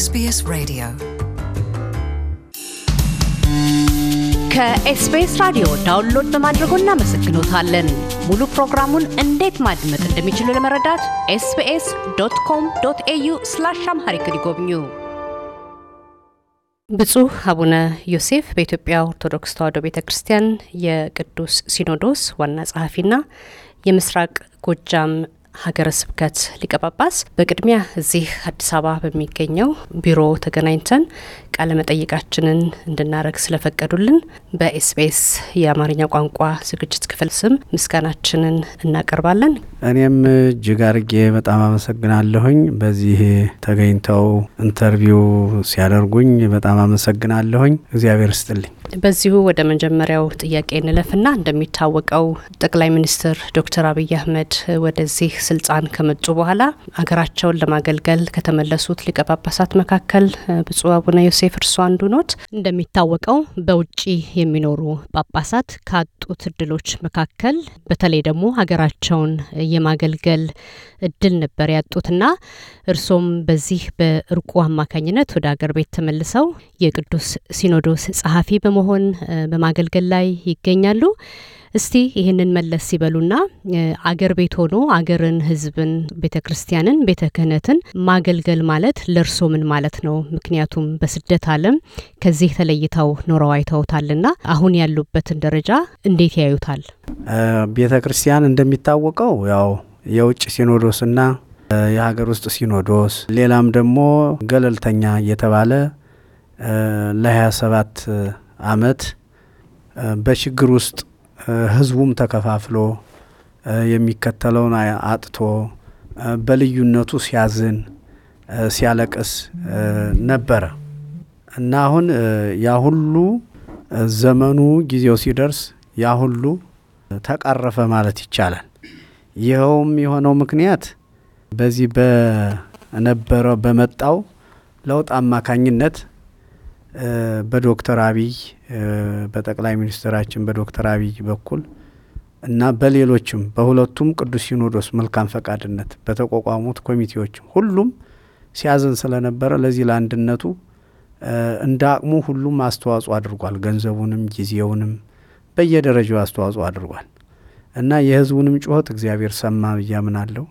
ኤስቢኤስ Radio. ከኤስቢኤስ ራዲዮ ዳውንሎድ በማድረጎ እናመሰግኖታለን። ሙሉ ፕሮግራሙን እንዴት ማድመጥ እንደሚችሉ ለመረዳት ኤስቢኤስ ዶት ኮም ዶት ኤዩ ስላሽ አምሃሪክ ይጎብኙ። ብፁዕ አቡነ ዮሴፍ በኢትዮጵያ ኦርቶዶክስ ተዋሕዶ ቤተ ክርስቲያን የቅዱስ ሲኖዶስ ዋና ጸሐፊና የምስራቅ ጎጃም ሀገረ ስብከት ሊቀ ጳጳስ፣ በቅድሚያ እዚህ አዲስ አበባ በሚገኘው ቢሮ ተገናኝተን ቃለመጠይቃችንን እንድናደረግ ስለፈቀዱልን በኤስቢኤስ የአማርኛ ቋንቋ ዝግጅት ክፍል ስም ምስጋናችንን እናቀርባለን። እኔም እጅግ አርጌ በጣም አመሰግናለሁኝ። በዚህ ተገኝተው ኢንተርቪው ሲያደርጉኝ በጣም አመሰግናለሁኝ። እግዚአብሔር ስጥልኝ። በዚሁ ወደ መጀመሪያው ጥያቄ እንለፍና እንደሚታወቀው ጠቅላይ ሚኒስትር ዶክተር አብይ አህመድ ወደዚህ ስልጣን ከመጡ በኋላ ሀገራቸውን ለማገልገል ከተመለሱት ሊቀ ጳጳሳት መካከል ብፁዕ አቡነ ዮሴፍ እርሱ አንዱ ኖት። እንደሚታወቀው በውጭ የሚኖሩ ጳጳሳት ካጡት እድሎች መካከል በተለይ ደግሞ ሀገራቸውን የማገልገል እድል ነበር ያጡትና እርሶም በዚህ በእርቁ አማካኝነት ወደ አገር ቤት ተመልሰው የቅዱስ ሲኖዶስ ጸሐፊ በመሆን በማገልገል ላይ ይገኛሉ። እስቲ ይህንን መለስ ሲበሉና አገር ቤት ሆኖ አገርን፣ ህዝብን፣ ቤተ ክርስቲያንን፣ ቤተ ክህነትን ማገልገል ማለት ለእርሶ ምን ማለት ነው? ምክንያቱም በስደት ዓለም ከዚህ ተለይተው ኖረው አይተውታልና አሁን ያሉበትን ደረጃ እንዴት ያዩታል? ቤተ ክርስቲያን እንደሚታወቀው ያው የውጭ ሲኖዶስና የሀገር ውስጥ ሲኖዶስ ሌላም ደግሞ ገለልተኛ እየተባለ ለ27 ዓመት በችግር ውስጥ ህዝቡም ተከፋፍሎ የሚከተለውን አጥቶ በልዩነቱ ሲያዝን ሲያለቅስ ነበረ እና አሁን ያ ሁሉ ዘመኑ ጊዜው ሲደርስ ያ ሁሉ ተቀረፈ ማለት ይቻላል። ይኸውም የሆነው ምክንያት በዚህ በነበረው በመጣው ለውጥ አማካኝነት በዶክተር አብይ በጠቅላይ ሚኒስትራችን በዶክተር አብይ በኩል እና በሌሎችም በሁለቱም ቅዱስ ሲኖዶስ መልካም ፈቃድነት በተቋቋሙት ኮሚቴዎችም ሁሉም ሲያዝን ስለነበረ ለዚህ ለአንድነቱ እንደ አቅሙ ሁሉም አስተዋጽኦ አድርጓል። ገንዘቡንም ጊዜውንም በየደረጃው አስተዋጽኦ አድርጓል እና የህዝቡንም ጩኸት እግዚአብሔር ሰማ ብያምናለሁ።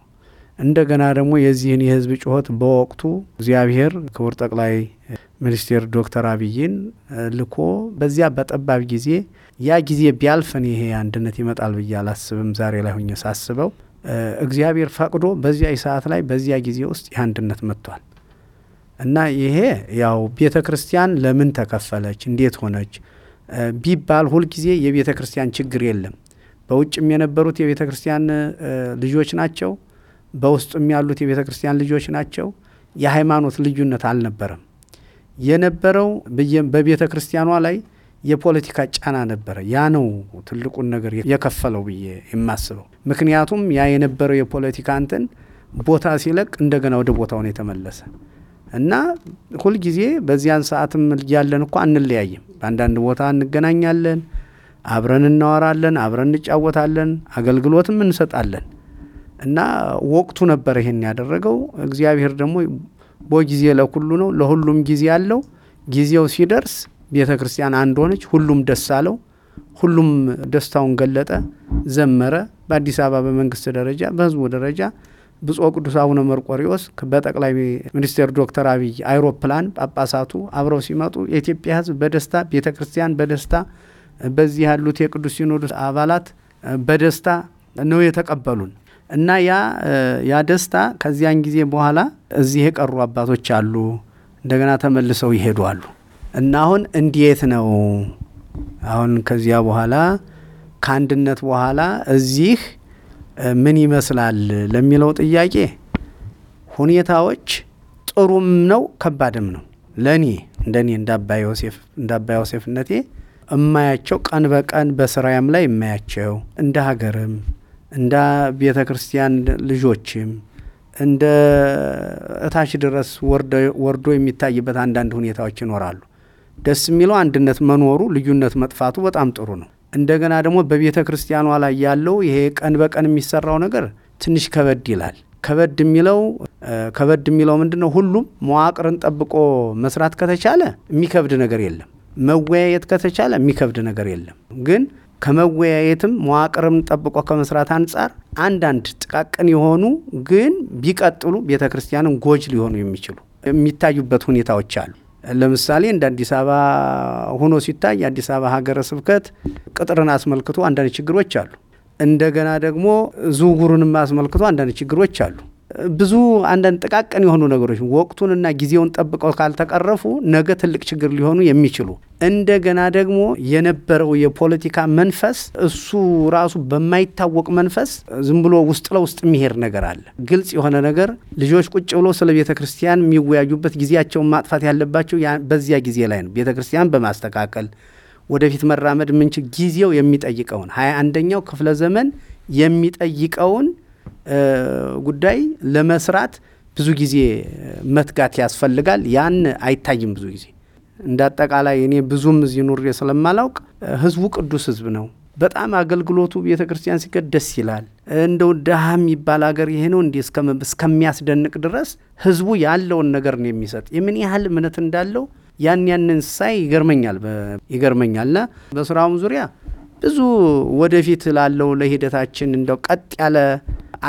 እንደገና ደግሞ የዚህን የህዝብ ጩኸት በወቅቱ እግዚአብሔር ክቡር ጠቅላይ ሚኒስቴር ዶክተር አብይን ልኮ በዚያ በጠባብ ጊዜ ያ ጊዜ ቢያልፍን ይሄ አንድነት ይመጣል ብዬ አላስብም። ዛሬ ላይ ሁኜ ሳስበው እግዚአብሔር ፈቅዶ በዚያ ሰዓት ላይ በዚያ ጊዜ ውስጥ ይህ አንድነት መጥቷል እና ይሄ ያው ቤተ ክርስቲያን ለምን ተከፈለች እንዴት ሆነች ቢባል ሁልጊዜ የቤተ ክርስቲያን ችግር የለም። በውጭም የነበሩት የቤተ ክርስቲያን ልጆች ናቸው፣ በውስጡም ያሉት የቤተ ክርስቲያን ልጆች ናቸው። የሃይማኖት ልዩነት አልነበረም። የነበረው በቤተ ክርስቲያኗ ላይ የፖለቲካ ጫና ነበረ። ያ ነው ትልቁን ነገር የከፈለው ብዬ የማስበው። ምክንያቱም ያ የነበረው የፖለቲካ እንትን ቦታ ሲለቅ እንደገና ወደ ቦታውን የተመለሰ እና ሁልጊዜ በዚያን ሰዓትም ያለን እኮ አንለያይም። በአንዳንድ ቦታ እንገናኛለን፣ አብረን እናወራለን፣ አብረን እንጫወታለን፣ አገልግሎትም እንሰጣለን እና ወቅቱ ነበር ይሄን ያደረገው እግዚአብሔር ደግሞ ወጊዜ ለኩሉ ነው፣ ለሁሉም ጊዜ አለው። ጊዜው ሲደርስ ቤተ ክርስቲያን አንድ ሆነች። ሁሉም ደስ አለው። ሁሉም ደስታውን ገለጠ፣ ዘመረ። በአዲስ አበባ በመንግስት ደረጃ በህዝቡ ደረጃ ብፁዕ ቅዱስ አቡነ መርቆሪዎስ በጠቅላይ ሚኒስትር ዶክተር አብይ አይሮፕላን ጳጳሳቱ አብረው ሲመጡ የኢትዮጵያ ህዝብ በደስታ ቤተ ክርስቲያን በደስታ በዚህ ያሉት የቅዱስ ሲኖዶስ አባላት በደስታ ነው የተቀበሉን። እና ያ ያ ደስታ ከዚያን ጊዜ በኋላ እዚህ የቀሩ አባቶች አሉ፣ እንደገና ተመልሰው ይሄዱ አሉ። እና አሁን እንዴት ነው አሁን ከዚያ በኋላ ከአንድነት በኋላ እዚህ ምን ይመስላል ለሚለው ጥያቄ ሁኔታዎች ጥሩም ነው ከባድም ነው። ለእኔ እንደኔ እንዳባ ዮሴፍ እንዳባ ዮሴፍነቴ እማያቸው ቀን በቀን በስራዬም ላይ እማያቸው እንደ ሀገርም እንደ ቤተ ክርስቲያን ልጆችም እንደ እታች ድረስ ወርዶ የሚታይበት አንዳንድ ሁኔታዎች ይኖራሉ። ደስ የሚለው አንድነት መኖሩ፣ ልዩነት መጥፋቱ በጣም ጥሩ ነው። እንደገና ደግሞ በቤተ ክርስቲያኗ ላይ ያለው ይሄ ቀን በቀን የሚሰራው ነገር ትንሽ ከበድ ይላል። ከበድ የሚለው ከበድ የሚለው ምንድን ነው? ሁሉም መዋቅርን ጠብቆ መስራት ከተቻለ የሚከብድ ነገር የለም። መወያየት ከተቻለ የሚከብድ ነገር የለም። ግን ከመወያየትም መዋቅርም ጠብቆ ከመስራት አንጻር አንዳንድ ጥቃቅን የሆኑ ግን ቢቀጥሉ ቤተ ክርስቲያንን ጎጅ ሊሆኑ የሚችሉ የሚታዩበት ሁኔታዎች አሉ። ለምሳሌ እንደ አዲስ አበባ ሆኖ ሲታይ የአዲስ አበባ ሀገረ ስብከት ቅጥርን አስመልክቶ አንዳንድ ችግሮች አሉ። እንደገና ደግሞ ዝውውሩንም አስመልክቶ አንዳንድ ችግሮች አሉ። ብዙ አንዳንድ ጥቃቅን የሆኑ ነገሮች ወቅቱንና ጊዜውን ጠብቀው ካልተቀረፉ ነገ ትልቅ ችግር ሊሆኑ የሚችሉ እንደገና ደግሞ የነበረው የፖለቲካ መንፈስ እሱ ራሱ በማይታወቅ መንፈስ ዝም ብሎ ውስጥ ለውስጥ የሚሄድ ነገር አለ። ግልጽ የሆነ ነገር ልጆች ቁጭ ብሎ ስለ ቤተ ክርስቲያን የሚወያዩበት ጊዜያቸውን ማጥፋት ያለባቸው በዚያ ጊዜ ላይ ነው። ቤተ ክርስቲያን በማስተካከል ወደፊት መራመድ ምንችል ጊዜው የሚጠይቀውን ሀያ አንደኛው ክፍለ ዘመን የሚጠይቀውን ጉዳይ ለመስራት ብዙ ጊዜ መትጋት ያስፈልጋል። ያን አይታይም ብዙ ጊዜ። እንደ አጠቃላይ እኔ ብዙም እዚህ ኑሬ ስለማላውቅ ህዝቡ ቅዱስ ህዝብ ነው። በጣም አገልግሎቱ ቤተ ክርስቲያን ሲገድ ደስ ይላል። እንደው ድሃ የሚባል ሀገር ይሄ ነው እንዲህ እስከሚያስደንቅ ድረስ ህዝቡ ያለውን ነገር ነው የሚሰጥ። የምን ያህል እምነት እንዳለው ያን ያንን ሳይ ይገርመኛል ይገርመኛል። ና በስራውም ዙሪያ ብዙ ወደፊት ላለው ለሂደታችን እንደው ቀጥ ያለ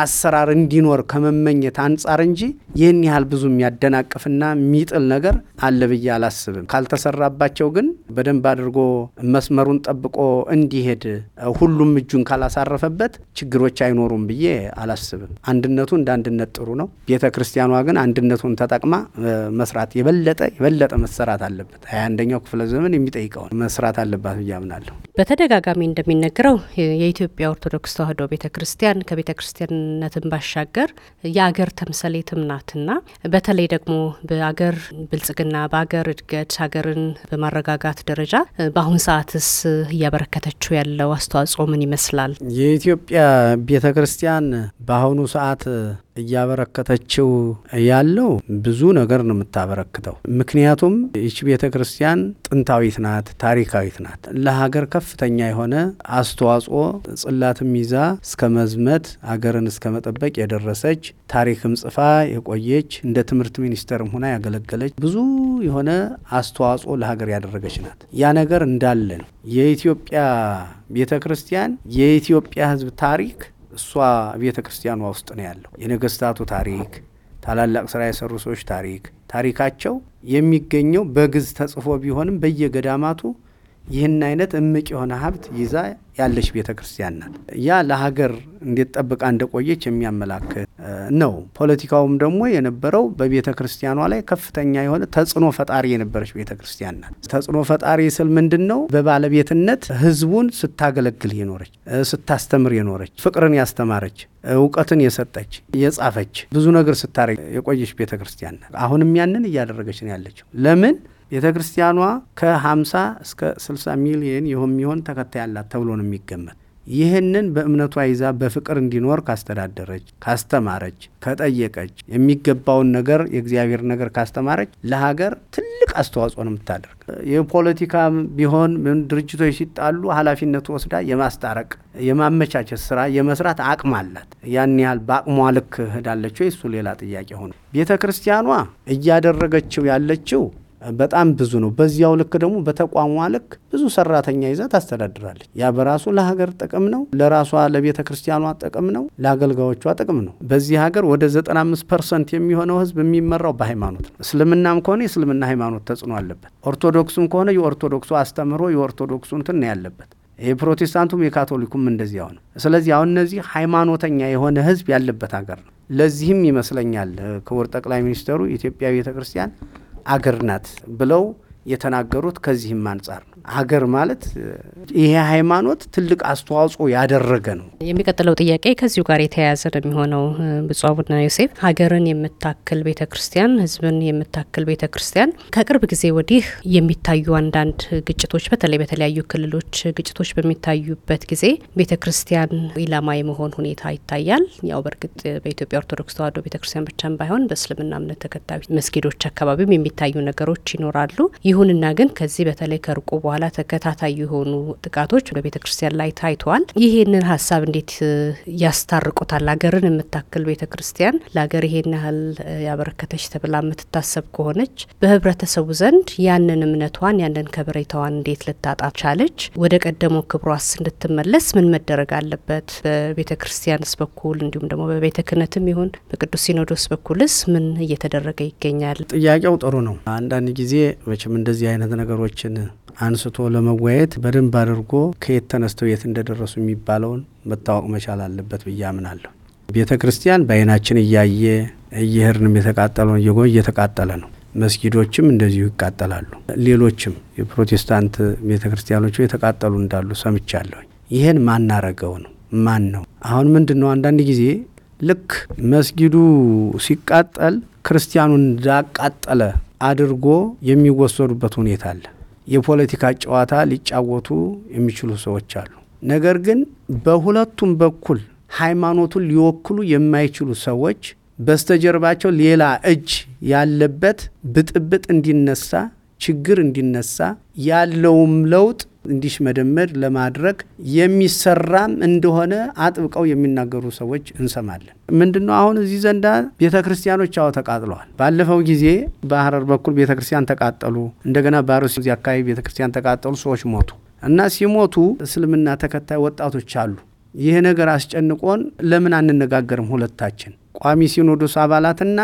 አሰራር እንዲኖር ከመመኘት አንጻር እንጂ ይህን ያህል ብዙ የሚያደናቅፍና የሚጥል ነገር አለ ብዬ አላስብም። ካልተሰራባቸው ግን በደንብ አድርጎ መስመሩን ጠብቆ እንዲሄድ ሁሉም እጁን ካላሳረፈበት ችግሮች አይኖሩም ብዬ አላስብም። አንድነቱ እንደ አንድነት ጥሩ ነው። ቤተ ክርስቲያኗ ግን አንድነቱን ተጠቅማ መስራት የበለጠ የበለጠ መሰራት አለበት። ሀያ አንደኛው ክፍለ ዘመን የሚጠይቀውን መስራት አለባት ብዬ አምናለሁ። በተደጋጋሚ እንደሚነገረው የኢትዮጵያ ኦርቶዶክስ ተዋሕዶ ቤተ ክርስቲያን ከቤተ ክርስቲያን ከማንነትን ባሻገር የአገር ተምሳሌትም ናትና በተለይ ደግሞ በአገር ብልጽግና በአገር እድገት ሀገርን በማረጋጋት ደረጃ በአሁን ሰዓትስ እያበረከተችው ያለው አስተዋጽኦ ምን ይመስላል? የኢትዮጵያ ቤተ ክርስቲያን በአሁኑ ሰዓት እያበረከተችው ያለው ብዙ ነገር ነው የምታበረክተው። ምክንያቱም ይች ቤተ ክርስቲያን ጥንታዊት ናት፣ ታሪካዊት ናት። ለሀገር ከፍተኛ የሆነ አስተዋጽኦ ጽላትም ይዛ እስከ መዝመት ሀገርን እስከ መጠበቅ የደረሰች ታሪክም ጽፋ የቆየች እንደ ትምህርት ሚኒስቴርም ሆና ያገለገለች ብዙ የሆነ አስተዋጽኦ ለሀገር ያደረገች ናት። ያ ነገር እንዳለ ነው። የኢትዮጵያ ቤተ ክርስቲያን የኢትዮጵያ ሕዝብ ታሪክ እሷ ቤተ ክርስቲያኗ ውስጥ ነው ያለው። የነገስታቱ ታሪክ፣ ታላላቅ ስራ የሰሩ ሰዎች ታሪክ ታሪካቸው የሚገኘው በግዝ ተጽፎ ቢሆንም በየገዳማቱ ይህን አይነት እምቅ የሆነ ሀብት ይዛ ያለች ቤተ ክርስቲያን ናት። ያ ለሀገር እንዴት ጠብቃ እንደቆየች የሚያመላክት ነው። ፖለቲካውም ደግሞ የነበረው በቤተ ክርስቲያኗ ላይ ከፍተኛ የሆነ ተጽዕኖ ፈጣሪ የነበረች ቤተ ክርስቲያን ናት። ተጽዕኖ ፈጣሪ ስል ምንድን ነው? በባለቤትነት ህዝቡን ስታገለግል የኖረች ስታስተምር የኖረች ፍቅርን ያስተማረች እውቀትን የሰጠች የጻፈች ብዙ ነገር ስታረግ የቆየች ቤተ ክርስቲያን ናት። አሁንም ያንን እያደረገች ነው ያለችው ለምን ቤተ ክርስቲያኗ ከ50 እስከ 60 ሚሊየን የሚሆን ተከታይ አላት ተብሎ ነው የሚገመት። ይህንን በእምነቷ ይዛ በፍቅር እንዲኖር ካስተዳደረች፣ ካስተማረች፣ ከጠየቀች፣ የሚገባውን ነገር የእግዚአብሔር ነገር ካስተማረች ለሀገር ትልቅ አስተዋጽኦ ነው የምታደርግ። የፖለቲካ ቢሆን ድርጅቶች ሲጣሉ ኃላፊነቱ ወስዳ የማስታረቅ የማመቻቸት ስራ የመስራት አቅም አላት። ያን ያህል በአቅሟ ልክ ሄዳለች ወይ? እሱ ሌላ ጥያቄ ሆነ። ቤተ ክርስቲያኗ እያደረገችው ያለችው በጣም ብዙ ነው። በዚያው ልክ ደግሞ በተቋሟ ልክ ብዙ ሰራተኛ ይዛ ታስተዳድራለች። ያ በራሱ ለሀገር ጥቅም ነው፣ ለራሷ ለቤተ ክርስቲያኗ ጥቅም ነው፣ ለአገልጋዮቿ ጥቅም ነው። በዚህ ሀገር ወደ 95 ፐርሰንት የሚሆነው ህዝብ የሚመራው በሃይማኖት ነው። እስልምናም ከሆነ የእስልምና ሃይማኖት ተጽዕኖ አለበት። ኦርቶዶክሱም ከሆነ የኦርቶዶክሱ አስተምህሮ የኦርቶዶክሱ እንትን ያለበት የፕሮቴስታንቱም የካቶሊኩም እንደዚያው ነው። ስለዚህ አሁን እነዚህ ሃይማኖተኛ የሆነ ህዝብ ያለበት ሀገር ነው። ለዚህም ይመስለኛል ክቡር ጠቅላይ ሚኒስትሩ ኢትዮጵያ ቤተ ክርስቲያን አገር ናት ብለው የተናገሩት ከዚህም አንጻር ነው። ሀገር ማለት ይሄ ሃይማኖት ትልቅ አስተዋጽኦ ያደረገ ነው። የሚቀጥለው ጥያቄ ከዚሁ ጋር የተያያዘ ነው የሚሆነው። ብፁዕ አቡነ ዮሴፍ ሀገርን የምታክል ቤተ ክርስቲያን፣ ህዝብን የምታክል ቤተ ክርስቲያን ከቅርብ ጊዜ ወዲህ የሚታዩ አንዳንድ ግጭቶች፣ በተለይ በተለያዩ ክልሎች ግጭቶች በሚታዩበት ጊዜ ቤተ ክርስቲያን ኢላማ የመሆን ሁኔታ ይታያል። ያው በእርግጥ በኢትዮጵያ ኦርቶዶክስ ተዋህዶ ቤተ ክርስቲያን ብቻም ባይሆን በእስልምና እምነት ተከታዮች መስጊዶች አካባቢም የሚታዩ ነገሮች ይኖራሉ። ይሁንና ግን ከዚህ በተለይ ከርቆ በኋላ ተከታታይ የሆኑ ጥቃቶች በቤተ ክርስቲያን ላይ ታይተዋል። ይህንን ሀሳብ እንዴት ያስታርቁታል? ሀገርን የምታክል ቤተ ክርስቲያን ለሀገር ይሄን ያህል ያበረከተች ተብላ የምትታሰብ ከሆነች በህብረተሰቡ ዘንድ ያንን እምነቷን ያንን ከበሬታዋን እንዴት ልታጣ ቻለች? ወደ ቀደመው ክብሯስ እንድትመለስ ምን መደረግ አለበት? በቤተ ክርስቲያንስ በኩል እንዲሁም ደግሞ በቤተ ክህነትም ይሁን በቅዱስ ሲኖዶስ በኩልስ ምን እየተደረገ ይገኛል? ጥያቄው ጥሩ ነው። አንዳንድ ጊዜ መቼም እንደዚህ አይነት ነገሮችን አንስቶ ለመወያየት በደንብ አድርጎ ከየት ተነስተው የት እንደደረሱ የሚባለውን መታወቅ መቻል አለበት ብዬ አምናለሁ። ቤተ ክርስቲያን በአይናችን እያየ እየህርንም የተቃጠለውን እየጎ እየተቃጠለ ነው። መስጊዶችም እንደዚሁ ይቃጠላሉ። ሌሎችም የፕሮቴስታንት ቤተ ክርስቲያኖቹ የተቃጠሉ እንዳሉ ሰምቻለሁኝ። ይህን ማናረገው ነው? ማን ነው? አሁን ምንድን ነው አንዳንድ ጊዜ ልክ መስጊዱ ሲቃጠል ክርስቲያኑ እንዳቃጠለ አድርጎ የሚወሰዱበት ሁኔታ አለ። የፖለቲካ ጨዋታ ሊጫወቱ የሚችሉ ሰዎች አሉ። ነገር ግን በሁለቱም በኩል ሃይማኖቱን ሊወክሉ የማይችሉ ሰዎች በስተጀርባቸው ሌላ እጅ ያለበት ብጥብጥ እንዲነሳ፣ ችግር እንዲነሳ ያለውም ለውጥ እንዲሽመደመድ ለማድረግ የሚሰራም እንደሆነ አጥብቀው የሚናገሩ ሰዎች እንሰማለን። ምንድነው አሁን እዚህ ዘንዳ ቤተ ክርስቲያኖች አዎ ተቃጥለዋል። ባለፈው ጊዜ በሀረር በኩል ቤተ ክርስቲያን ተቃጠሉ። እንደገና ባሮስ እዚህ አካባቢ ቤተ ክርስቲያን ተቃጠሉ፣ ሰዎች ሞቱ እና ሲሞቱ እስልምና ተከታይ ወጣቶች አሉ። ይሄ ነገር አስጨንቆን ለምን አንነጋገርም ሁለታችን ቋሚ ሲኖዶስ አባላትና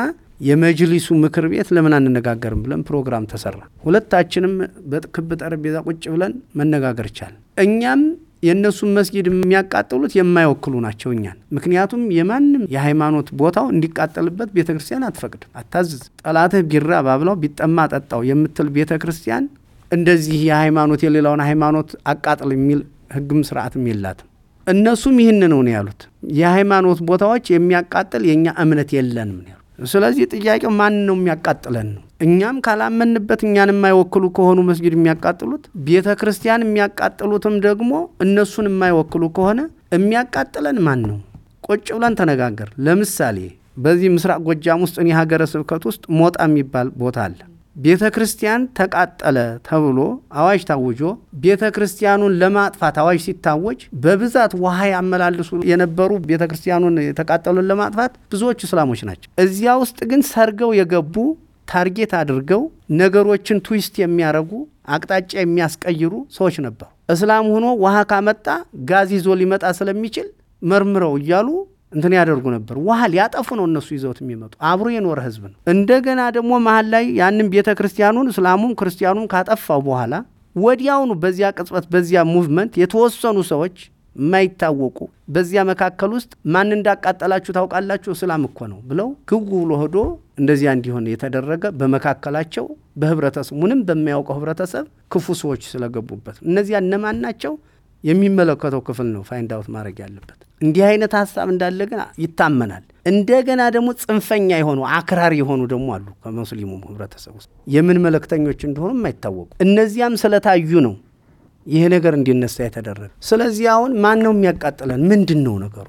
የመጅሊሱ ምክር ቤት ለምን አንነጋገርም ብለን ፕሮግራም ተሰራ። ሁለታችንም በክብ ጠረጴዛ ቁጭ ብለን መነጋገር ቻል። እኛም የእነሱን መስጊድ የሚያቃጥሉት የማይወክሉ ናቸው እኛን። ምክንያቱም የማንም የሃይማኖት ቦታው እንዲቃጠልበት ቤተ ክርስቲያን አትፈቅድም፣ አታዝዝ። ጠላትህ ቢራ ባብላው ቢጠማ ጠጣው የምትል ቤተ ክርስቲያን እንደዚህ የሃይማኖት የሌላውን ሃይማኖት አቃጥል የሚል ህግም ስርዓትም የላትም። እነሱም ይህን ነው ያሉት። የሃይማኖት ቦታዎች የሚያቃጥል የእኛ እምነት የለንም ያሉት። ስለዚህ ጥያቄው ማን ነው የሚያቃጥለን ነው። እኛም ካላመንበት እኛን የማይወክሉ ከሆኑ መስጊድ የሚያቃጥሉት ቤተ ክርስቲያን የሚያቃጥሉትም ደግሞ እነሱን የማይወክሉ ከሆነ የሚያቃጥለን ማን ነው? ቁጭ ብለን ተነጋገር። ለምሳሌ በዚህ ምስራቅ ጎጃም ውስጥ እኔ ሀገረ ስብከት ውስጥ ሞጣ የሚባል ቦታ አለ። ቤተ ክርስቲያን ተቃጠለ ተብሎ አዋጅ ታውጆ ቤተ ክርስቲያኑን ለማጥፋት አዋጅ ሲታወጅ በብዛት ውሃ ያመላልሱ የነበሩ ቤተ ክርስቲያኑን የተቃጠሉን ለማጥፋት ብዙዎቹ እስላሞች ናቸው። እዚያ ውስጥ ግን ሰርገው የገቡ ታርጌት አድርገው ነገሮችን ትዊስት የሚያረጉ አቅጣጫ የሚያስቀይሩ ሰዎች ነበሩ። እስላም ሆኖ ውሃ ካመጣ ጋዝ ይዞ ሊመጣ ስለሚችል መርምረው እያሉ እንትን ያደርጉ ነበር። ውሃ ሊያጠፉ ነው እነሱ ይዘውት የሚመጡ አብሮ የኖረ ህዝብ ነው። እንደገና ደግሞ መሀል ላይ ያንም ቤተ ክርስቲያኑን እስላሙም ክርስቲያኑም ካጠፋው በኋላ ወዲያውኑ በዚያ ቅጽበት በዚያ ሙቭመንት የተወሰኑ ሰዎች የማይታወቁ በዚያ መካከል ውስጥ ማን እንዳቃጠላችሁ ታውቃላችሁ? እስላም እኮ ነው ብለው ግው ብሎ ሄዶ እንደዚያ እንዲሆን የተደረገ በመካከላቸው በህብረተሰብ ምንም በሚያውቀው ህብረተሰብ ክፉ ሰዎች ስለገቡበት እነዚያ እነማን ናቸው? የሚመለከተው ክፍል ነው ፋይንድ አውት ማድረግ ያለበት። እንዲህ አይነት ሀሳብ እንዳለ ግን ይታመናል። እንደገና ደግሞ ጽንፈኛ የሆኑ አክራሪ የሆኑ ደግሞ አሉ ከሙስሊሙ ህብረተሰብ ውስጥ የምን መልእክተኞች እንደሆኑ አይታወቁ። እነዚያም ስለታዩ ነው ይሄ ነገር እንዲነሳ የተደረገ። ስለዚህ አሁን ማን ነው የሚያቃጥለን? ምንድን ነው ነገሩ?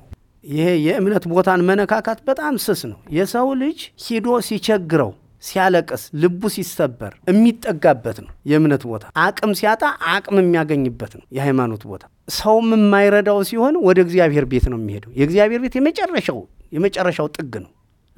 ይሄ የእምነት ቦታን መነካካት በጣም ስስ ነው። የሰው ልጅ ሂዶ ሲቸግረው ሲያለቅስ ልቡ ሲሰበር የሚጠጋበት ነው የእምነት ቦታ። አቅም ሲያጣ አቅም የሚያገኝበት ነው የሃይማኖት ቦታ። ሰውም የማይረዳው ሲሆን ወደ እግዚአብሔር ቤት ነው የሚሄደው። የእግዚአብሔር ቤት የመጨረሻው የመጨረሻው ጥግ ነው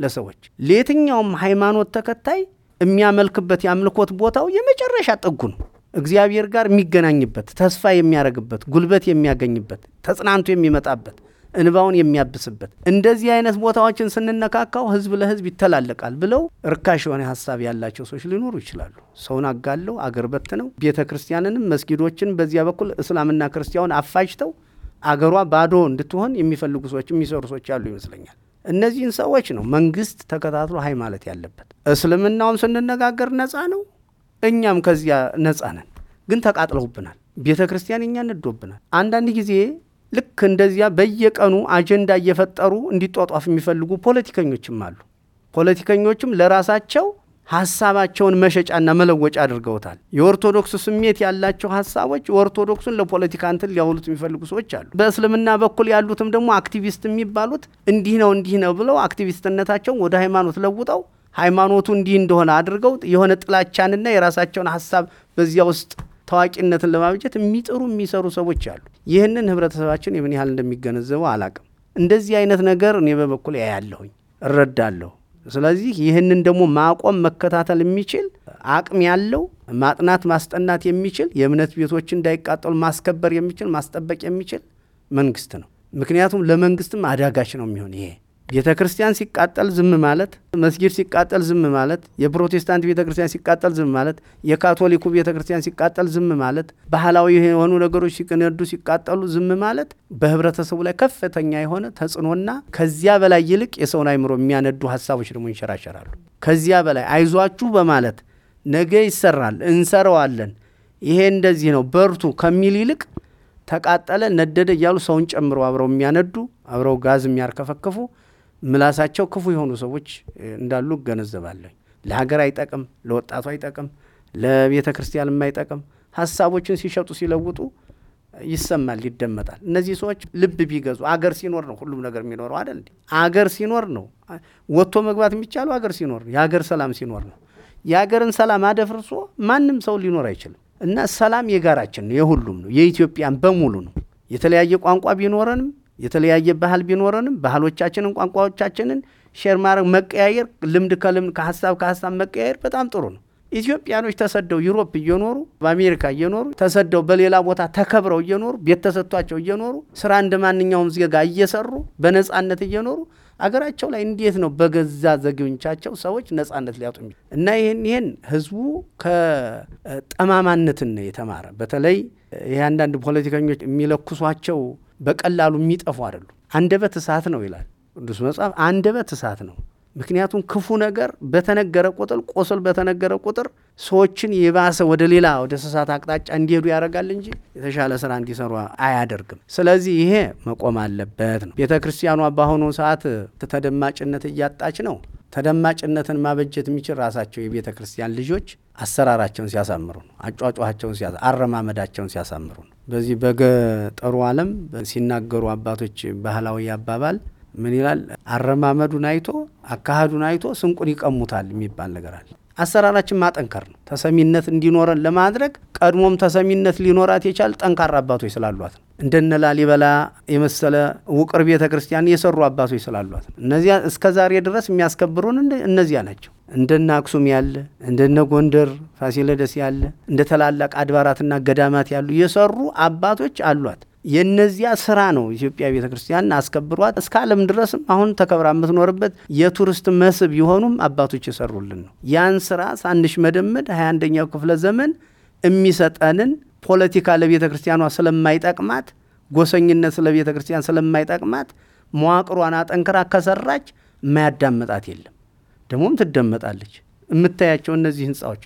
ለሰዎች ለየትኛውም ሃይማኖት ተከታይ የሚያመልክበት የአምልኮት ቦታው የመጨረሻ ጥጉ ነው። እግዚአብሔር ጋር የሚገናኝበት፣ ተስፋ የሚያደርግበት፣ ጉልበት የሚያገኝበት፣ ተጽናንቶ የሚመጣበት እንባውን የሚያብስበት እንደዚህ አይነት ቦታዎችን ስንነካካው ህዝብ ለህዝብ ይተላለቃል ብለው እርካሽ የሆነ ሀሳብ ያላቸው ሰዎች ሊኖሩ ይችላሉ። ሰውን አጋለው አገር በትነው ቤተ ክርስቲያንንም መስጊዶችን በዚያ በኩል እስላምና ክርስቲያን አፋጅተው አገሯ ባዶ እንድትሆን የሚፈልጉ ሰዎች የሚሰሩ ሰዎች ያሉ ይመስለኛል። እነዚህን ሰዎች ነው መንግስት ተከታትሎ ሀይ ማለት ያለበት። እስልምናውም ስንነጋገር ነጻ ነው፣ እኛም ከዚያ ነጻ ነን። ግን ተቃጥለውብናል። ቤተ ክርስቲያን እኛ ነዶብናል። አንዳንድ ጊዜ ልክ እንደዚያ በየቀኑ አጀንዳ እየፈጠሩ እንዲጧጧፍ የሚፈልጉ ፖለቲከኞችም አሉ። ፖለቲከኞችም ለራሳቸው ሀሳባቸውን መሸጫና መለወጫ አድርገውታል። የኦርቶዶክስ ስሜት ያላቸው ሀሳቦች ኦርቶዶክሱን ለፖለቲካ እንትን ሊያውሉት የሚፈልጉ ሰዎች አሉ። በእስልምና በኩል ያሉትም ደግሞ አክቲቪስት የሚባሉት እንዲህ ነው እንዲህ ነው ብለው አክቲቪስትነታቸውን ወደ ሃይማኖት ለውጠው ሃይማኖቱ እንዲህ እንደሆነ አድርገው የሆነ ጥላቻንና የራሳቸውን ሀሳብ በዚያ ውስጥ ታዋቂነትን ለማብጀት የሚጥሩ የሚሰሩ ሰዎች አሉ። ይህንን ህብረተሰባችን የምን ያህል እንደሚገነዘበው አላቅም። እንደዚህ አይነት ነገር እኔ በበኩል ያያለሁኝ እረዳለሁ። ስለዚህ ይህንን ደግሞ ማቆም መከታተል የሚችል አቅም ያለው ማጥናት ማስጠናት የሚችል የእምነት ቤቶች እንዳይቃጠሉ ማስከበር የሚችል ማስጠበቅ የሚችል መንግስት ነው። ምክንያቱም ለመንግስትም አዳጋች ነው የሚሆን ይሄ ቤተ ክርስቲያን ሲቃጠል ዝም ማለት፣ መስጊድ ሲቃጠል ዝም ማለት፣ የፕሮቴስታንት ቤተ ክርስቲያን ሲቃጠል ዝም ማለት፣ የካቶሊኩ ቤተ ክርስቲያን ሲቃጠል ዝም ማለት፣ ባህላዊ የሆኑ ነገሮች ሲነዱ ሲቃጠሉ ዝም ማለት በህብረተሰቡ ላይ ከፍተኛ የሆነ ተጽዕኖና ከዚያ በላይ ይልቅ የሰውን አይምሮ የሚያነዱ ሀሳቦች ደግሞ ይንሸራሸራሉ። ከዚያ በላይ አይዟችሁ በማለት ነገ ይሰራል እንሰራዋለን፣ ይሄ እንደዚህ ነው በርቱ ከሚል ይልቅ ተቃጠለ፣ ነደደ እያሉ ሰውን ጨምሮ አብረው የሚያነዱ አብረው ጋዝ የሚያርከፈክፉ ምላሳቸው ክፉ የሆኑ ሰዎች እንዳሉ እገነዘባለሁ። ለሀገር አይጠቅም፣ ለወጣቱ አይጠቅም፣ ለቤተ ክርስቲያን የማይጠቅም ሀሳቦችን ሲሸጡ ሲለውጡ ይሰማል፣ ይደመጣል። እነዚህ ሰዎች ልብ ቢገዙ አገር ሲኖር ነው ሁሉም ነገር የሚኖረው አይደል? አገር ሲኖር ነው ወጥቶ መግባት የሚቻለው አገር ሲኖር ነው። የአገር ሰላም ሲኖር ነው። የአገርን ሰላም አደፍርሶ ማንም ሰው ሊኖር አይችልም። እና ሰላም የጋራችን ነው፣ የሁሉም ነው፣ የኢትዮጵያን በሙሉ ነው። የተለያየ ቋንቋ ቢኖረንም የተለያየ ባህል ቢኖረንም ባህሎቻችንን፣ ቋንቋዎቻችንን ሼር ማድረግ መቀያየር፣ ልምድ ከልምድ ከሀሳብ ከሀሳብ መቀያየር በጣም ጥሩ ነው። ኢትዮጵያኖች ተሰደው ዩሮፕ እየኖሩ በአሜሪካ እየኖሩ ተሰደው በሌላ ቦታ ተከብረው እየኖሩ ቤት ተሰጥቷቸው እየኖሩ ስራ እንደ ማንኛውም ዜጋ እየሰሩ በነጻነት እየኖሩ አገራቸው ላይ እንዴት ነው በገዛ ዜጎቻቸው ሰዎች ነጻነት ሊያጡ እና ይህን ይህን ህዝቡ ከጠማማነትን ነው የተማረ በተለይ የአንዳንድ ፖለቲከኞች የሚለኩሷቸው በቀላሉ የሚጠፉ አይደሉም። አንደበት እሳት ነው ይላል ቅዱስ መጽሐፍ። አንደበት እሳት ነው። ምክንያቱም ክፉ ነገር በተነገረ ቁጥር፣ ቆስል በተነገረ ቁጥር ሰዎችን የባሰ ወደ ሌላ ወደ ስሳት አቅጣጫ እንዲሄዱ ያደርጋል እንጂ የተሻለ ስራ እንዲሰሩ አያደርግም። ስለዚህ ይሄ መቆም አለበት ነው። ቤተ ክርስቲያኗ በአሁኑ ሰዓት ተደማጭነት እያጣች ነው። ተደማጭነትን ማበጀት የሚችል ራሳቸው የቤተ ክርስቲያን ልጆች አሰራራቸውን ሲያሳምሩ ነው። አጫጫኋቸውን ሲያ አረማመዳቸውን ሲያሳምሩ ነው። በዚህ በገጠሩ ዓለም ሲናገሩ አባቶች ባህላዊ አባባል ምን ይላል? አረማመዱን አይቶ አካሄዱን አይቶ ስንቁን ይቀሙታል የሚባል ነገር አለ። አሰራራችን ማጠንከር ነው። ተሰሚነት እንዲኖረን ለማድረግ ቀድሞም ተሰሚነት ሊኖራት የቻል ጠንካራ አባቶች ስላሏት ነው። እንደነ ላሊበላ የመሰለ ውቅር ቤተ ክርስቲያን የሰሩ አባቶች ስላሏት ነው። እነዚያ እስከ ዛሬ ድረስ የሚያስከብሩን እነዚያ ናቸው። እንደነ አክሱም ያለ እንደነ ጎንደር ፋሲለደስ ያለ እንደ ታላላቅ አድባራትና ገዳማት ያሉ የሰሩ አባቶች አሏት። የነዚያ ስራ ነው። ኢትዮጵያ ቤተ ክርስቲያን አስከብሯት እስከ ዓለም ድረስም አሁን ተከብራ የምትኖርበት የቱሪስት መስህብ የሆኑም አባቶች የሰሩልን ነው። ያን ስራ ሳንሽ መደመድ 21 አንደኛው ክፍለ ዘመን የሚሰጠንን ፖለቲካ ለቤተ ክርስቲያኗ ስለማይጠቅማት፣ ጎሰኝነት ለቤተ ክርስቲያን ስለማይጠቅማት መዋቅሯን አጠንክራ ከሰራች የማያዳምጣት የለም። ደግሞም ትደመጣለች። የምታያቸው እነዚህ ህንፃዎች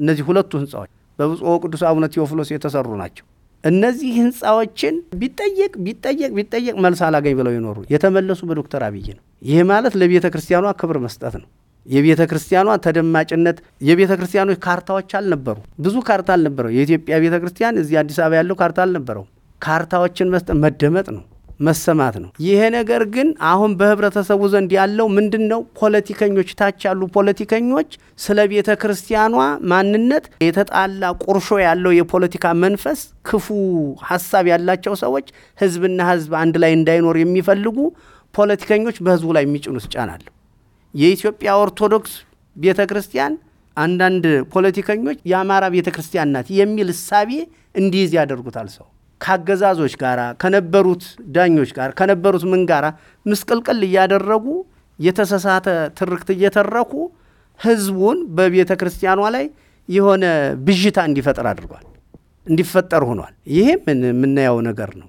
እነዚህ ሁለቱ ህንፃዎች በብፁዕ ቅዱስ አቡነ ቴዎፍሎስ የተሰሩ ናቸው። እነዚህ ህንፃዎችን ቢጠየቅ ቢጠየቅ ቢጠየቅ መልስ አላገኝ ብለው ይኖሩ የተመለሱ በዶክተር አብይ ነው። ይህ ማለት ለቤተ ክርስቲያኗ ክብር መስጠት ነው። የቤተ ክርስቲያኗ ተደማጭነት የቤተ ክርስቲያኖች ካርታዎች አልነበሩ። ብዙ ካርታ አልነበረው። የኢትዮጵያ ቤተ ክርስቲያን እዚህ አዲስ አበባ ያለው ካርታ አልነበረው። ካርታዎችን መስጠት መደመጥ ነው። መሰማት ነው። ይሄ ነገር ግን አሁን በህብረተሰቡ ዘንድ ያለው ምንድን ነው? ፖለቲከኞች፣ ታች ያሉ ፖለቲከኞች ስለ ቤተ ክርስቲያኗ ማንነት የተጣላ ቁርሾ ያለው የፖለቲካ መንፈስ፣ ክፉ ሀሳብ ያላቸው ሰዎች ህዝብና ህዝብ አንድ ላይ እንዳይኖር የሚፈልጉ ፖለቲከኞች በህዝቡ ላይ የሚጭኑት ጫና የኢትዮጵያ ኦርቶዶክስ ቤተ ክርስቲያን አንዳንድ ፖለቲከኞች የአማራ ቤተ ክርስቲያን ናት የሚል እሳቤ እንዲይዝ ያደርጉታል ሰው ከአገዛዞች ጋር ከነበሩት ዳኞች ጋር ከነበሩት ምን ጋር ምስቅልቅል እያደረጉ የተሳሳተ ትርክት እየተረኩ ህዝቡን በቤተ ክርስቲያኗ ላይ የሆነ ብዥታ እንዲፈጠር አድርጓል፣ እንዲፈጠር ሆኗል። ይሄም የምናየው ነገር ነው።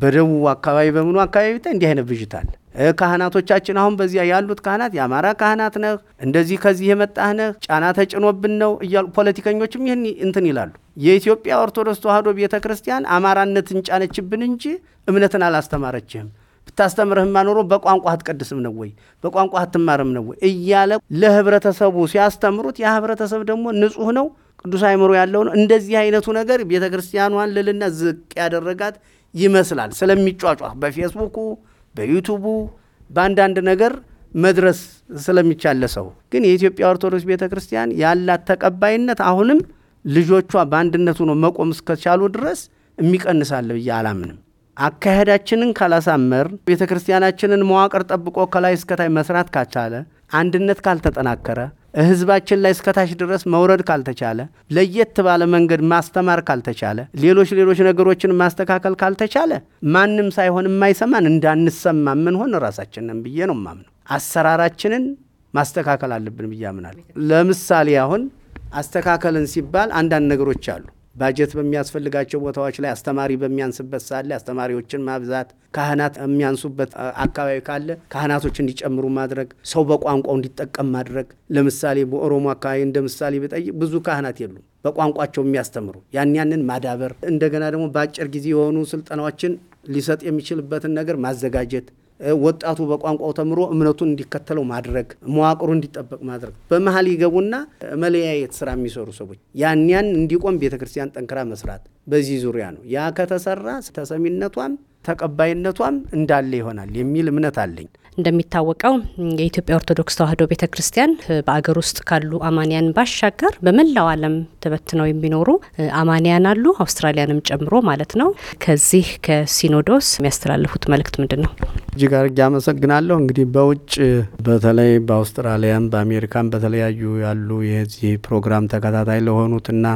በደቡብ አካባቢ በምኑ አካባቢ ብታይ እንዲህ አይነት ብዥታል። ካህናቶቻችን አሁን በዚያ ያሉት ካህናት የአማራ ካህናት ነህ፣ እንደዚህ ከዚህ የመጣህ ነህ፣ ጫና ተጭኖብን ነው እያሉ ፖለቲከኞችም ይህን እንትን ይላሉ። የኢትዮጵያ ኦርቶዶክስ ተዋህዶ ቤተ ክርስቲያን አማራነትን ጫነችብን እንጂ እምነትን አላስተማረችህም። ብታስተምርህም ኖሮ በቋንቋ አትቀድስም ነው ወይ በቋንቋ አትማርም ነው ወይ እያለ ለህብረተሰቡ ሲያስተምሩት ያ ህብረተሰብ ደግሞ ንጹህ ነው፣ ቅዱስ አይምሮ ያለው ነው። እንደዚህ አይነቱ ነገር ቤተ ክርስቲያኗን ልልና ዝቅ ያደረጋት ይመስላል ስለሚጯጯ በፌስቡኩ በዩቱቡ በአንዳንድ ነገር መድረስ ስለሚቻለ ሰው ግን የኢትዮጵያ ኦርቶዶክስ ቤተ ክርስቲያን ያላት ተቀባይነት አሁንም ልጆቿ በአንድነቱ ነው መቆም እስከቻሉ ድረስ የሚቀንሳል ብዬ አላምንም። አካሄዳችንን ካላሳመር ቤተ ክርስቲያናችንን መዋቅር ጠብቆ ከላይ እስከታይ መስራት ካቻለ አንድነት ካልተጠናከረ ህዝባችን ላይ እስከታች ድረስ መውረድ ካልተቻለ ለየት ባለ መንገድ ማስተማር ካልተቻለ ሌሎች ሌሎች ነገሮችን ማስተካከል ካልተቻለ ማንም ሳይሆን የማይሰማን እንዳንሰማ ሆን ራሳችንን ብዬ ነው ማምነው። አሰራራችንን ማስተካከል አለብን ብዬ አምናለሁ። ለምሳሌ አሁን አስተካከልን ሲባል አንዳንድ ነገሮች አሉ ባጀት በሚያስፈልጋቸው ቦታዎች ላይ አስተማሪ በሚያንስበት ሳለ አስተማሪዎችን ማብዛት፣ ካህናት የሚያንሱበት አካባቢ ካለ ካህናቶች እንዲጨምሩ ማድረግ፣ ሰው በቋንቋው እንዲጠቀም ማድረግ። ለምሳሌ በኦሮሞ አካባቢ እንደ ምሳሌ ብጠይቅ ብዙ ካህናት የሉም በቋንቋቸው የሚያስተምሩ ያን ያንን ማዳበር፣ እንደገና ደግሞ በአጭር ጊዜ የሆኑ ስልጠናዎችን ሊሰጥ የሚችልበትን ነገር ማዘጋጀት ወጣቱ በቋንቋው ተምሮ እምነቱን እንዲከተለው ማድረግ፣ መዋቅሩ እንዲጠበቅ ማድረግ። በመሀል ይገቡና መለያየት ስራ የሚሰሩ ሰዎች ያን ያን እንዲቆም ቤተክርስቲያን ጠንክራ መስራት በዚህ ዙሪያ ነው። ያ ከተሰራ ተሰሚነቷም ተቀባይነቷም እንዳለ ይሆናል የሚል እምነት አለኝ። እንደሚታወቀው የኢትዮጵያ ኦርቶዶክስ ተዋሕዶ ቤተ ክርስቲያን በአገር ውስጥ ካሉ አማንያን ባሻገር በመላው ዓለም ተበትነው የሚኖሩ አማንያን አሉ፣ አውስትራሊያንም ጨምሮ ማለት ነው። ከዚህ ከሲኖዶስ የሚያስተላልፉት መልእክት ምንድን ነው? እጅግ አርጌ አመሰግናለሁ። እንግዲህ በውጭ በተለይ በአውስትራሊያም በአሜሪካም በተለያዩ ያሉ የዚህ ፕሮግራም ተከታታይ ለሆኑትና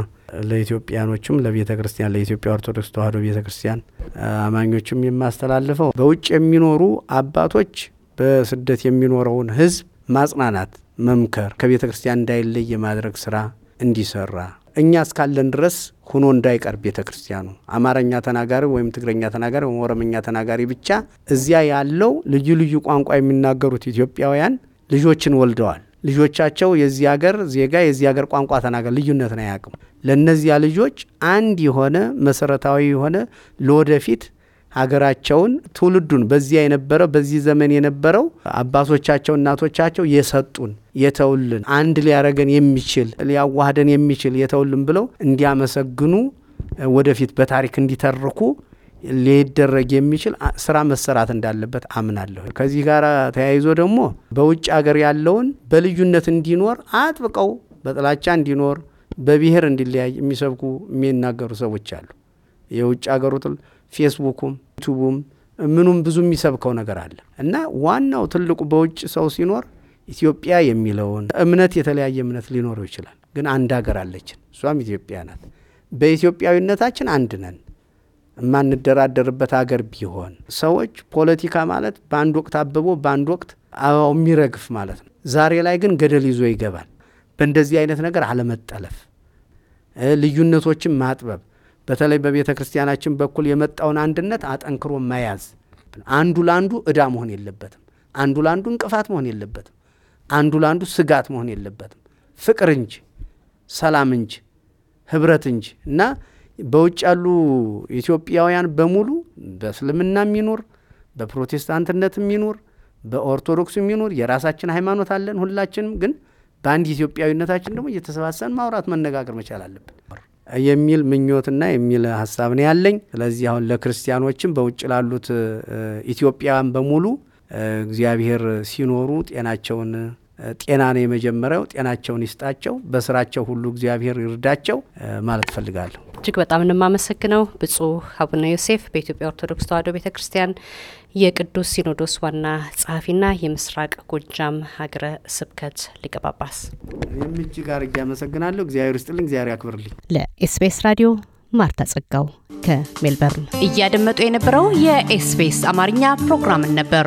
ለኢትዮጵያኖችም ለቤተ ክርስቲያን ለኢትዮጵያ ኦርቶዶክስ ተዋህዶ ቤተ ክርስቲያን አማኞችም የማስተላልፈው በውጭ የሚኖሩ አባቶች በስደት የሚኖረውን ህዝብ ማጽናናት፣ መምከር፣ ከቤተ ክርስቲያን እንዳይለይ የማድረግ ስራ እንዲሰራ እኛ እስካለን ድረስ ሁኖ እንዳይቀር ቤተ ክርስቲያኑ አማርኛ ተናጋሪ ወይም ትግረኛ ተናጋሪ ወይም ኦሮምኛ ተናጋሪ ብቻ እዚያ ያለው ልዩ ልዩ ቋንቋ የሚናገሩት ኢትዮጵያውያን ልጆችን ወልደዋል። ልጆቻቸው የዚህ ሀገር ዜጋ የዚህ ሀገር ቋንቋ ተናገር ልዩነትን አያውቅም። ለእነዚያ ልጆች አንድ የሆነ መሰረታዊ የሆነ ለወደፊት ሀገራቸውን ትውልዱን በዚያ የነበረው በዚህ ዘመን የነበረው አባቶቻቸው እናቶቻቸው የሰጡን የተውልን አንድ ሊያረገን የሚችል ሊያዋህደን የሚችል የተውልን ብለው እንዲያመሰግኑ ወደፊት በታሪክ እንዲተርኩ ሊደረግ የሚችል ስራ መሰራት እንዳለበት አምናለሁ። ከዚህ ጋር ተያይዞ ደግሞ በውጭ ሀገር ያለውን በልዩነት እንዲኖር አጥብቀው በጥላቻ እንዲኖር በብሔር እንዲለያይ የሚሰብኩ የሚናገሩ ሰዎች አሉ። የውጭ ሀገሩ ትል ፌስቡኩም ዩቱቡም ምኑም ብዙ የሚሰብከው ነገር አለ እና ዋናው ትልቁ በውጭ ሰው ሲኖር ኢትዮጵያ የሚለውን እምነት የተለያየ እምነት ሊኖረው ይችላል፣ ግን አንድ ሀገር አለችን፣ እሷም ኢትዮጵያ ናት። በኢትዮጵያዊነታችን አንድ ነን። የማንደራደርበት አገር ቢሆን ሰዎች ፖለቲካ ማለት በአንድ ወቅት አብቦ በአንድ ወቅት አበባው የሚረግፍ ማለት ነው። ዛሬ ላይ ግን ገደል ይዞ ይገባል። በእንደዚህ አይነት ነገር አለመጠለፍ፣ ልዩነቶችን ማጥበብ፣ በተለይ በቤተ ክርስቲያናችን በኩል የመጣውን አንድነት አጠንክሮ መያዝ፣ አንዱ ለአንዱ እዳ መሆን የለበትም። አንዱ ለአንዱ እንቅፋት መሆን የለበትም። አንዱ ለአንዱ ስጋት መሆን የለበትም። ፍቅር እንጂ ሰላም እንጂ ህብረት እንጂ እና በውጭ ያሉ ኢትዮጵያውያን በሙሉ በእስልምና የሚኖር በፕሮቴስታንትነት የሚኖር በኦርቶዶክስ የሚኖር የራሳችን ሃይማኖት አለን። ሁላችንም ግን በአንድ ኢትዮጵያዊነታችን ደግሞ እየተሰባሰን ማውራት መነጋገር መቻል አለብን የሚል ምኞትና የሚል ሀሳብ ነው ያለኝ። ስለዚህ አሁን ለክርስቲያኖችም በውጭ ላሉት ኢትዮጵያውያን በሙሉ እግዚአብሔር ሲኖሩ ጤናቸውን ጤና ነው የመጀመሪያው፣ ጤናቸውን ይስጣቸው፣ በስራቸው ሁሉ እግዚአብሔር ይርዳቸው ማለት እፈልጋለሁ። እጅግ በጣም እንማመሰግነው ብፁዕ አቡነ ዮሴፍ በኢትዮጵያ ኦርቶዶክስ ተዋሕዶ ቤተ ክርስቲያን የቅዱስ ሲኖዶስ ዋና ጸሐፊና የምስራቅ ጎጃም ሀገረ ስብከት ሊቀ ጳጳስ የምች ጋር እጅ አመሰግናለሁ። እግዚአብሔር ይስጥልኝ፣ እግዚአብሔር ያክብርልኝ። ለኤስቢኤስ ራዲዮ ማርታ ጸጋው ከሜልበርን እያደመጡ የነበረው የኤስቢኤስ አማርኛ ፕሮግራምን ነበር።